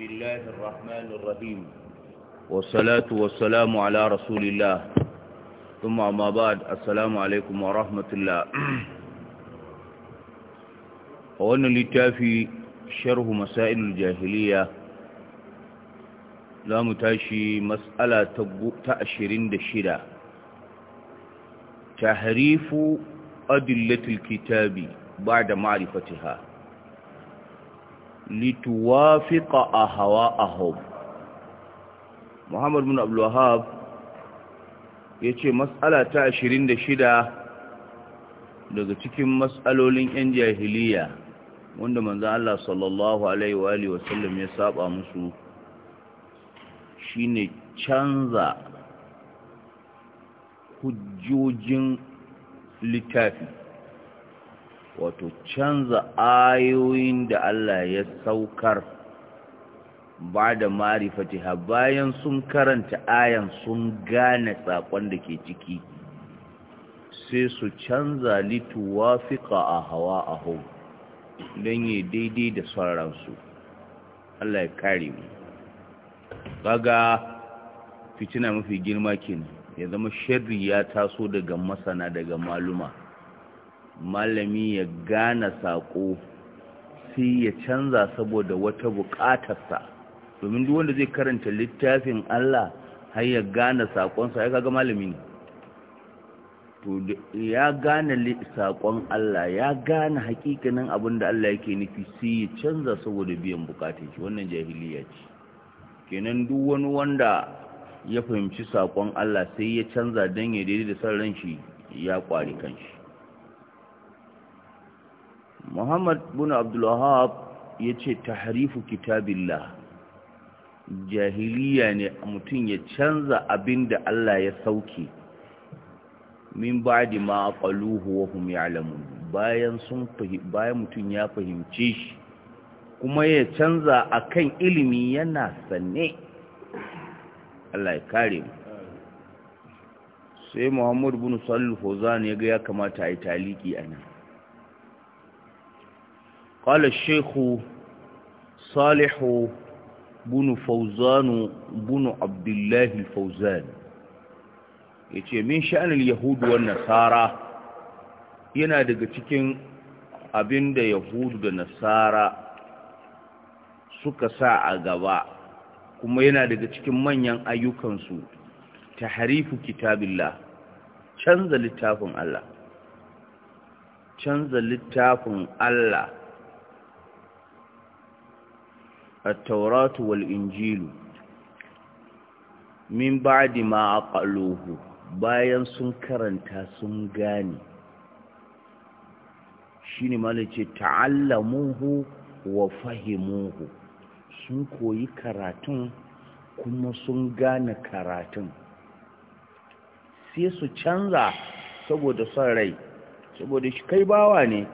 بسم الله الرحمن الرحيم والصلاة والسلام على رسول الله ثم ما بعد السلام عليكم ورحمة الله وأن لتافي شره مسائل الجاهلية لا متاشي مسألة تأشرين دشرة تحريف أدلة الكتاب بعد معرفتها a lituwafiqa ahwa'ahum Muhammad bin Abdulwahab ya ce, mas'ala ta shida daga cikin matsalolin yan jahiliya wanda manzo Allah sallallahu alaihi wa alihi ya saba musu shine canza hujjojin littafi wato canza ayoyin da Allah ya saukar ba da marifatiha bayan sun karanta ayan sun gane sakon da ke ciki sai su canza lituwafiqa a hawa a hau don yi daidai da sauransu Allah ya kare mu fitina mafi girma kin ya zama shirri ya taso daga masana daga maluma malami ya gane saƙo sai ya canza saboda wata buƙatarsa domin duk wanda zai karanta littafin Allah har ya gane saƙonsa ya kaga malami ne ya gane saƙon Allah ya gane hakikanin abin da Allah yake nufi sai ya canza saboda biyan buƙatar shi wannan jahiliya ce kenan duk wani wanda ya fahimci saƙon Allah sai ya canza don ya daidai da san ran shi ya ƙware kanshi muhammad bin abdullahab ya ce tahrifu kitabillah jahiliya ne mutum ya canza abin da Allah ya sauke min ba di ma ƙaluhu wa hum bayan bayan mutum ya fahimci. shi kuma ya canza akan ilimi yana sanne Allah ya kare mu sai Muhammad bin Salih Fozan ya ga ya kamata a yi taliki a nan. قال الشيخ صالح بن فوزان بن عبد الله الفوزان yace min sha'anil yahudu wan nasara yana daga cikin abinda yahudu da nasara suka sa a gaba kuma yana daga cikin manyan ayyukansu tahrifu kitabillah canza littafin Allah canza littafin Allah التوراة والإنجيل من بعد ما أقلوه bayan sun karanta sun gane shi ne malice ta'allamuhu wa fahimuhu sun koyi karatun kuma sun gane karatun sai su canza saboda son rai saboda shi kai bawa ne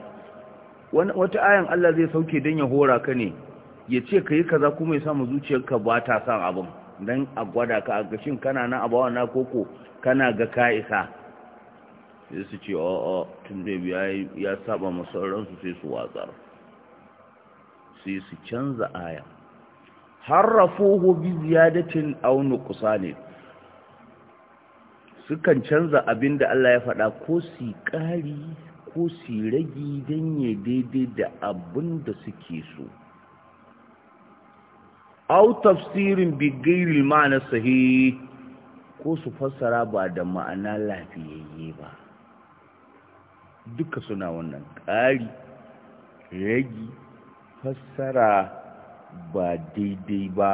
wata ayan Allah zai sauke don ya hora ka ne ya ce ka yi kaza kuma ya samu zuciyarka ba ta san abin don a gwada ka a gashin kana na a bawa na koko kana ga ka isa sai su ce o oh, oh, tun da biya ya saba masauransu sai su watsar sai su canza aya harrafuhu hobi ziyadatin ne su kan canza abin da Allah ya faɗa ko su ƙari ko su rage don ya daidai da abin da suke so au tafsirin bigiri ma'ana sahih ko su fassara ba da ma'ana lafiyayye ba duka suna wannan ƙari ragi fassara ba daidai ba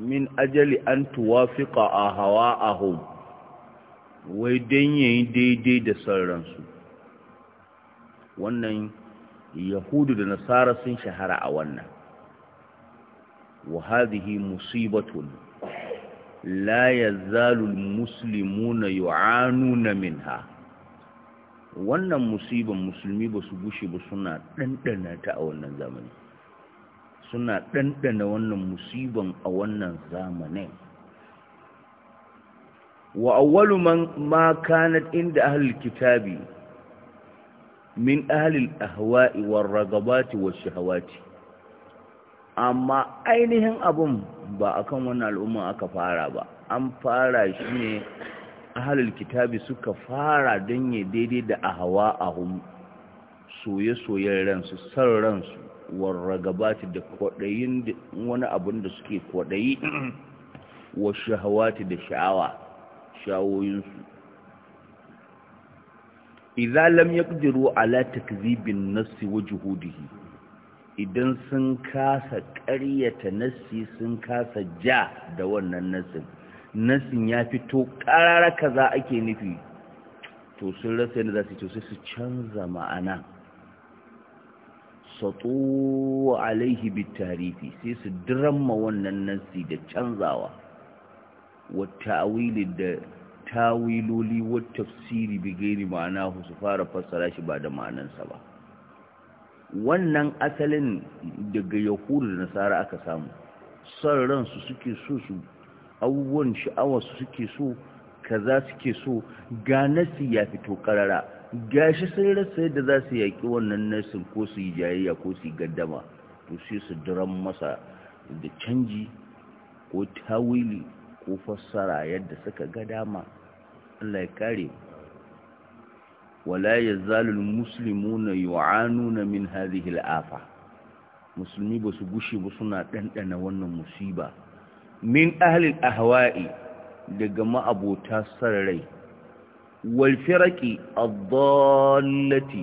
min ajali an tuwafiƙa a hawa a hom. wai don yayi daidai da sauransu wannan yahudu da nasara sun shahara a wannan وهذه مصيبة لا يزال المسلمون يعانون منها wannan musiban musulmi ba su gushe ba suna ɗanɗana ta a wannan zamani suna ɗanɗana wannan musiban a wannan zamanin wa awwalu man ma kanat inda ahlul kitabi min ahlil ahwa'i war ragabati wash shahawati amma ainihin abun ba a kan wannan al'umma aka fara ba an fara shi ne ahalul kitabi suka fara don yi daidai da a hun soye-soyen ransu san ransu warragabati da kwaɗayin wani abun da suke kwaɗayi wa shahawati da sha'awa shawoyinsu idan lam yaqdiru ala takzibin nasi wa juhudihi idan sun kasa ƙaryata nassi sun kasa ja da wannan nassin nassin ya fito ƙarara kaza ake nufi to sun rasa yadda za su to sai su canza ma'ana sato alaihi bitarifi sai su dirama wannan nassi da canzawa wata awili da tawiloli wata tafsiri bigairi ma'ana su fara fassara shi ba da ma'anansa ba wannan asalin daga yahudu da nasara aka samu son ransu suke so su abubuwan sha'awarsu suke so kaza suke so ga nasi ya fito karara gashi sai rasa yadda za su yaƙi wannan nasin ko su yi jayayya ko su yi gaddama to sai su duran masa da canji ko tawili ko fassara yadda suka ga dama Allah ya kare mu wala yazalu almuslimuna yu'anuna min hadhihi al'afa musulmi ba su gushi ba suna dandana wannan musiba min ahli ahwa'i daga ma'abota sararai wal firaqi ad-dallati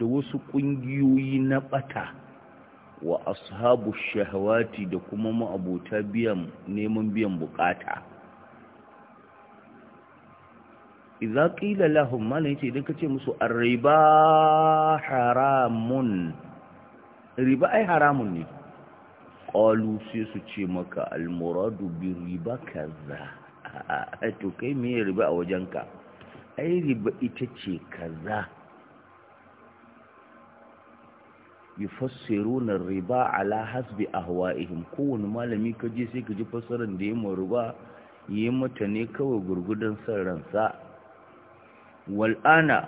da wasu kungiyoyi na bata wa ashabu shahawati da kuma ma'abota biyan neman biyan bukata idza qila lahum mal yace idan kace musu ar-riba riba haramun ne qalu sai su ce maka al-muradu bi riba kaza to kai me riba a wajenka ai riba ita ce kaza yufassiruna riba ala hasbi ahwa'ihim kowane malami kaje sai ka kaji fassarar da yayin riba yi mata ne kawai gurgudan san ransa wal'ana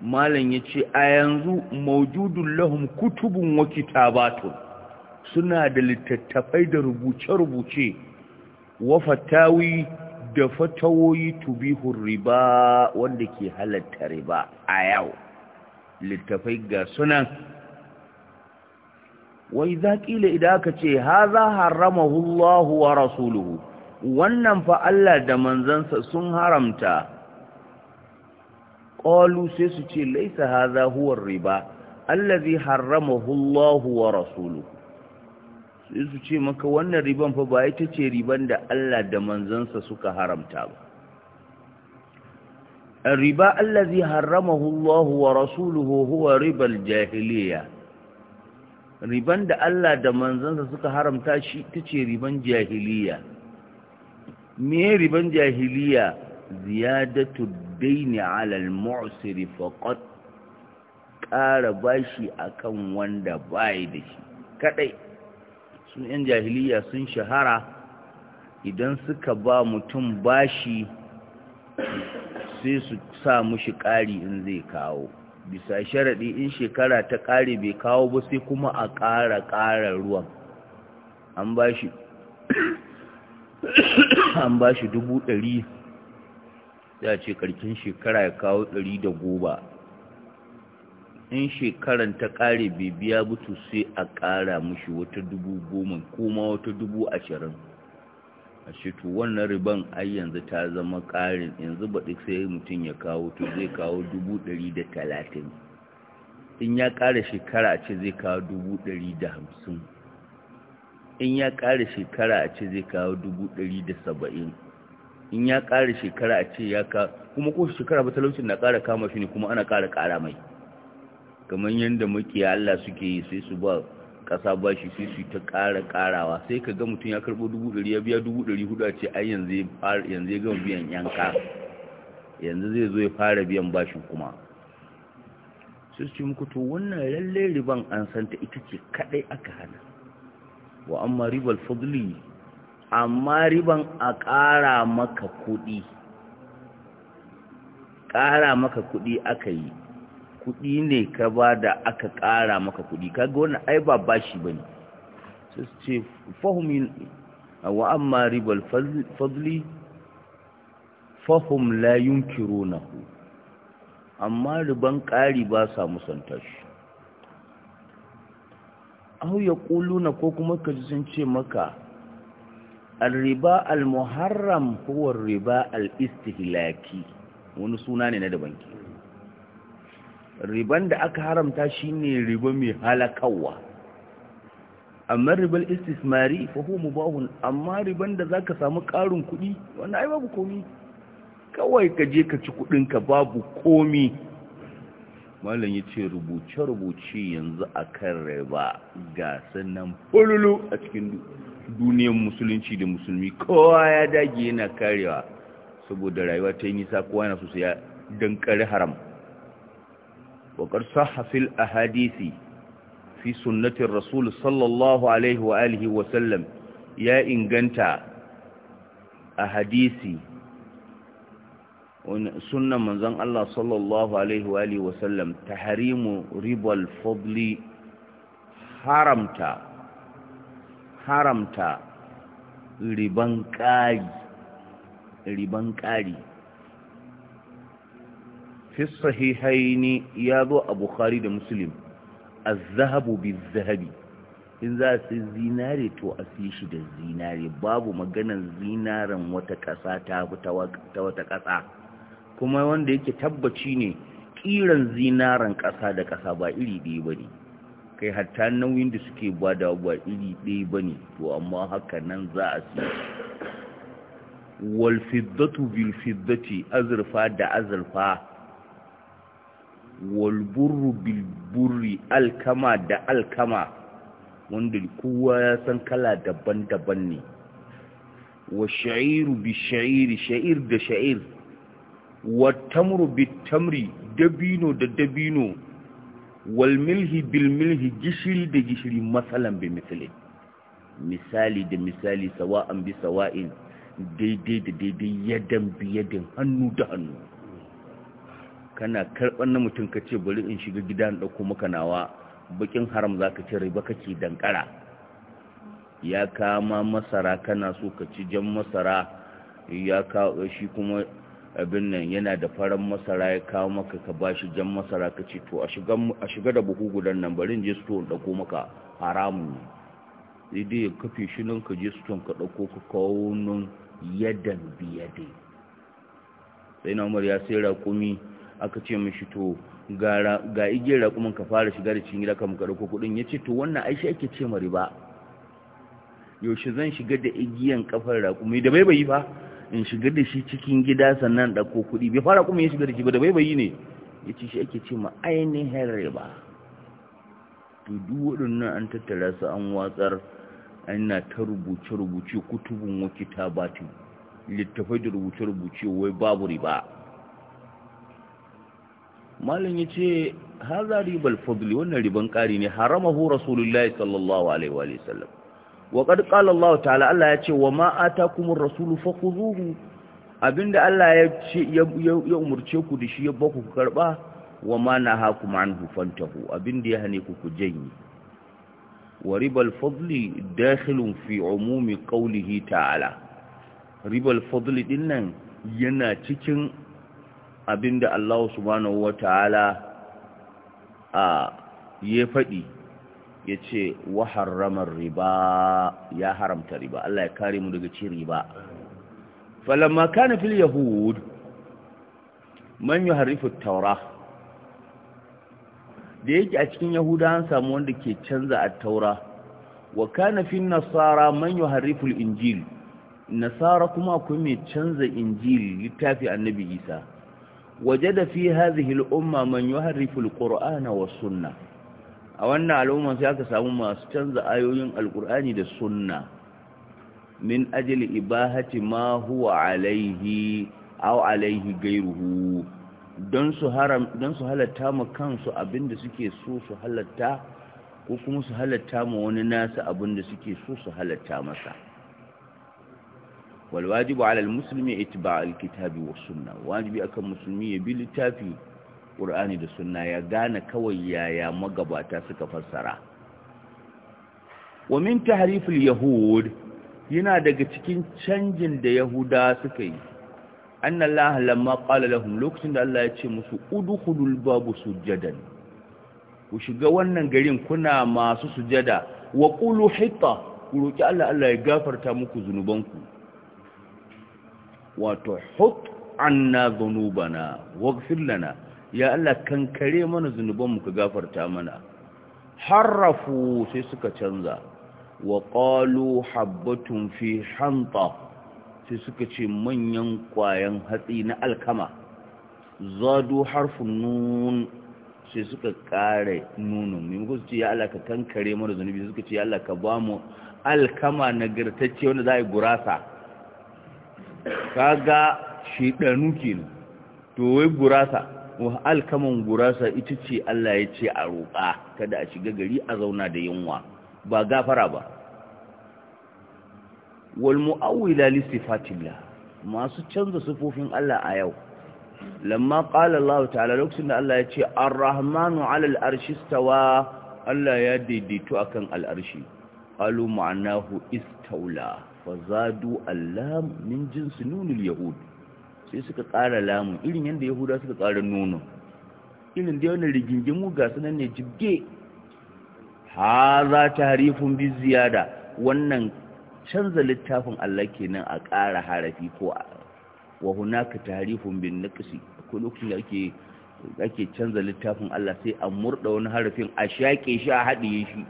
malam ya ce a yanzu maujudun lahum kutubun Waki kitabatun suna da littattafai da rubuce-rubuce wafatawi da fatawoyi tubihun riba wanda ke halatta riba a yau littafai ga sunan wai za ƙila idan aka ce ha za Hullahu wa rasuluhu wannan fa da manzansa sun haramta qalu sai su ce laisa hadha huwa riba allazi harramahu Hullahu wa rasuluhu sai su ce maka wannan riban fa ba ita ce riban da Allah da manzansa suka haramta ba riba allazi harramahu Hullahu wa rasuluhu huwa ribal jahiliya riban da Allah da manzansa suka haramta shi tace riban jahiliya me riban jahiliya ziyadatu daini alal mu'siri faqat ƙara bashi akan wanda bai da shi kadai su yan jahiliya sun shahara idan suka ba mutum bashi sai su sa mushi ƙari in zai kawo bisa sharaɗi in shekara ta ƙare bai kawo ba sai kuma a ƙara ƙara ruwan an bashi dubu ɗari Za a ce karkin shekara ya kawo ɗari da goma in shekaran ta ƙare bibiya butu sai a ƙara mushi wata dubu goma ko ma wata dubu ashirin a to wannan riban ai yanzu ta zama ƙarin yanzu baɗi sai mutum ya kawo to zai kawo dubu ɗari da talatin in ya ƙara shekara a ce zai kawo dubu ɗari da hamsin in ya ƙara shekara a ce zai kawo dubu ɗari da saba'in in ya ƙara shekara a ce ya ka kuma ko shekara ba talaucin na ƙara kama shi ne kuma ana ƙara ƙara mai kamar yadda muke Allah suke yi sai su ba ƙasa ba shi sai su ta ƙara ƙarawa sai ka ga mutum ya karɓo dubu ɗari ya biya dubu ɗari hudu a ce ai yanzu yanzu ya gama biyan yanka yanzu zai zo ya fara biyan bashin kuma sai su ce muku to wannan lallai riban an santa ita ce kaɗai aka hana wa amma ribar fadli amma riban a ƙara maka kuɗi ƙara maka kuɗi aka yi kuɗi ne ka ba da aka ƙara maka kuɗi kaga wani ai ba bashi ba ne su ce fahimin wa amma ribal fadli fahim la ku amma riban ƙari ba sa musanta shi au ya ƙuluna ko kuma ka ji sun ce maka الربا المحرم riba al الاستهلاكي wani suna ne na daban ke riban da aka haramta shi ne riba mai halakawa amma ribal istismari fa huwa mubahun amma riban da zaka samu ƙarin kuɗi wanda ai babu komi kawai ka je ka ci kuɗinka babu komi malam ya ce rubuce-rubuce yanzu a kan riba ga sannan fululu a cikin duniyar musulunci da musulmi kowa ya dage yana karewa saboda rayuwa ta yi nisa kowa yana sosai ya dankari haram wakar sahafil a hadisi fi sunnatin rasul sallallahu alaihi wa alihi wasallam ya inganta a hadisi sunnan manzon Allah sallallahu alaihi wa alihi ta tahrimu ribal fadli haramta riban ƙari riban ya zo a bukhari da muslim a zahabu bin zahabi in za su zinare to a fi da zinare babu maganan zinaren wata ƙasa ta wata ƙasa kuma wanda yake tabbaci ne kiran zinaran ƙasa da ƙasa ba iri ɗaya ba ne kai hatta nauyin da suke ba da ba iri ɗaya ba ne to amma haka nan za a si walfiddatu bilfiddati azurfa da azurfa walburru bilburi, alkama da alkama wanda kowa ya san kala daban-daban ne wa sha'iru bi sha'iri sha'ir da sha'ir watamru bitamri dabino da dabino walmilhi bilmilhi gishiri da gishiri matsalan bi misali misali da misali sawa'an bi sawa'in daidai da daidai yadan bi yadan hannu da hannu kana karɓar na mutum ka ce bari in shiga gida na ɗauko maka nawa bakin haram za ka ce riba kake dankara ya kama masara kana so ka ci jan masara ya kawo shi kuma abin nan yana da faran masara ya kawo maka ka bashi jan masara ka ce to a shiga da buhu gudan nan in je da ɗauko maka haramu ne dai ya kafe shi nan ka je stone ka ɗauko ka kawo nan yadan biyade sai na umar ya sai raƙumi aka ce mishi to ga igiyar raƙumin ka fara shiga da cikin gida ka muka ɗauko kuɗin ya ce to wannan aishi ake ce ma yaushe zan shiga da igiyan kafar raƙumi da bai yi ba in shiga da shi cikin gida sannan ɗauko kuɗi bai fara kuma ya shiga da shi ba da baibayi ne ya ce shi ake ce ma ainihin riba to duk waɗannan an tattara su an watsar ana ta rubuce-rubuce kutubun wakita batu littafai da rubuce-rubuce wai babu riba malin ya ce haza ribar fadli wannan riban ƙari ne haramahu rasulullahi sallallahu alaihi wa sallam wa qad qala Allah ta'ala Allah ya ce wa ma atakumur rasulu fakhuzuhu abinda Allah ya ce ya umurce ku da shi ya baku ku karba wa ma nahakum anhu fantahu abinda ya hane ku ku janye wa ribal fadli dakhilun fi umumi qawlihi ta'ala ribal fadli dinnan yana cikin abinda Allah subhanahu ta'ala a ya faɗi ya ce wa riba ya haramta riba Allah ya kare mu daga cin riba falamma kana fil yahud man yuharrifu taura da yake a cikin yahuda an samu wanda ke canza at-taura wa kana fil nasara man yuharrifu al-injil nasara kuma akwai mai canza injil littafi annabi isa wajada fi hadhihi al-umma man yuharrifu al-qur'ana was-sunnah a wannan al'umma sai aka samu masu canza ayoyin alkur'ani da sunna min ajili ibahati ma huwa alaihi aw alaihi gairuhu don su haram don su halatta mu kansu abinda suke so su halatta ko kuma su halatta mu wani nasu abinda suke so su halatta masa wal wajibu ala al muslimi itba' al kitabi wa sunna wajibi akan musulmi ya bi littafi ƙur'ani da sunna ya gane kawai yaya magabata suka fassara wa min tahrifil yahud yana daga cikin canjin da yahuda suka yi Allah lamma qala lahum lokacin da Allah ya ce musu udkhulul babu sujadan ku shiga wannan garin kuna masu sujada wa qulu hitta ku roƙi Allah Allah ya gafarta muku zunubanku wato hut anna dhunubana waghfir lana ya Allah kankare mana zunubanmu ka gafarta mana harrafu sai suka canza wa qalu habbatun fi hanta sai suka ce manyan kwayan hatsi na alkama zadu harfun nun sai suka kare nunun mai muku ce ya Allah ka kankare mana zunubi suka ce ya Allah ka ba mu alkama nagartacce wanda za a yi gurasa kaga shi ɗanu kenan to wai gurasa alkaman gurasa ita ce Allah ya ce a roƙa kada a shiga gari a zauna da yunwa ba gafara ba wal mu'awwila li sifatillah masu canza sifofin Allah a yau lamma qala Allah ta'ala lokacin da Allah ya ce ar-rahmanu 'ala al-arshi Allah ya daidaito akan al-arshi qalu ma'anahu istawla fazadu allam min jinsi nunil yahud sai suka ƙara lamu irin yadda yahuda suka ƙara nono irin da yawon rigingimu ga sunan ne jibge ha za ta harifin bi ziyada wannan canza littafin Allah kenan a ƙara harafi ko wa hunaka tahrifun bin ƙasi akwai lokacin da ake canza littafin Allah sai a murda wani harafin a shaƙe shi a haɗiye shi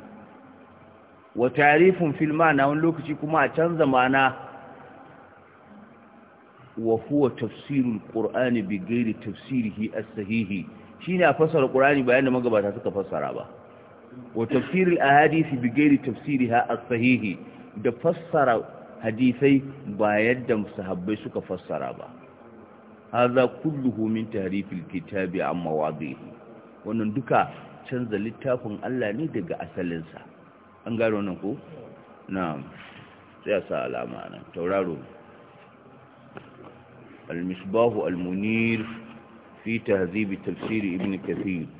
wa tarifun filma na wani lokaci kuma a canza mana. وهو تفسير القرآن بغير تفسيره الصحيح شينا فسر القرآن بيان ما قبلها سكا فسر أبا وتفسير الأحاديث بغير تفسيرها الصحيح da fassara hadisai ba yadda sahabbai suka fassara ba haza kulluhu min tahrifil kitabi an mawadhihi wannan duka canza littafin Allah ne daga asalinsa an gano nan ko sa alama nan tauraro المصباح المنير في تهذيب تفسير ابن كثير